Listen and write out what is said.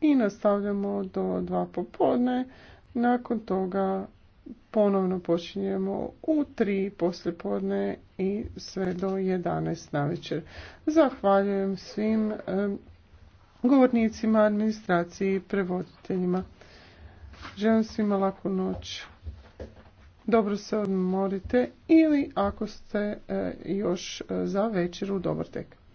i nastavljamo do dva popodne. Nakon toga ponovno počinjemo u tri poslijepodne i sve do 11 na večer. Zahvaljujem svim govornicima, administraciji i prevoditeljima. Želim svima laku noć. Dobro se odmorite ili ako ste e, još e, za večeru, dobar tek.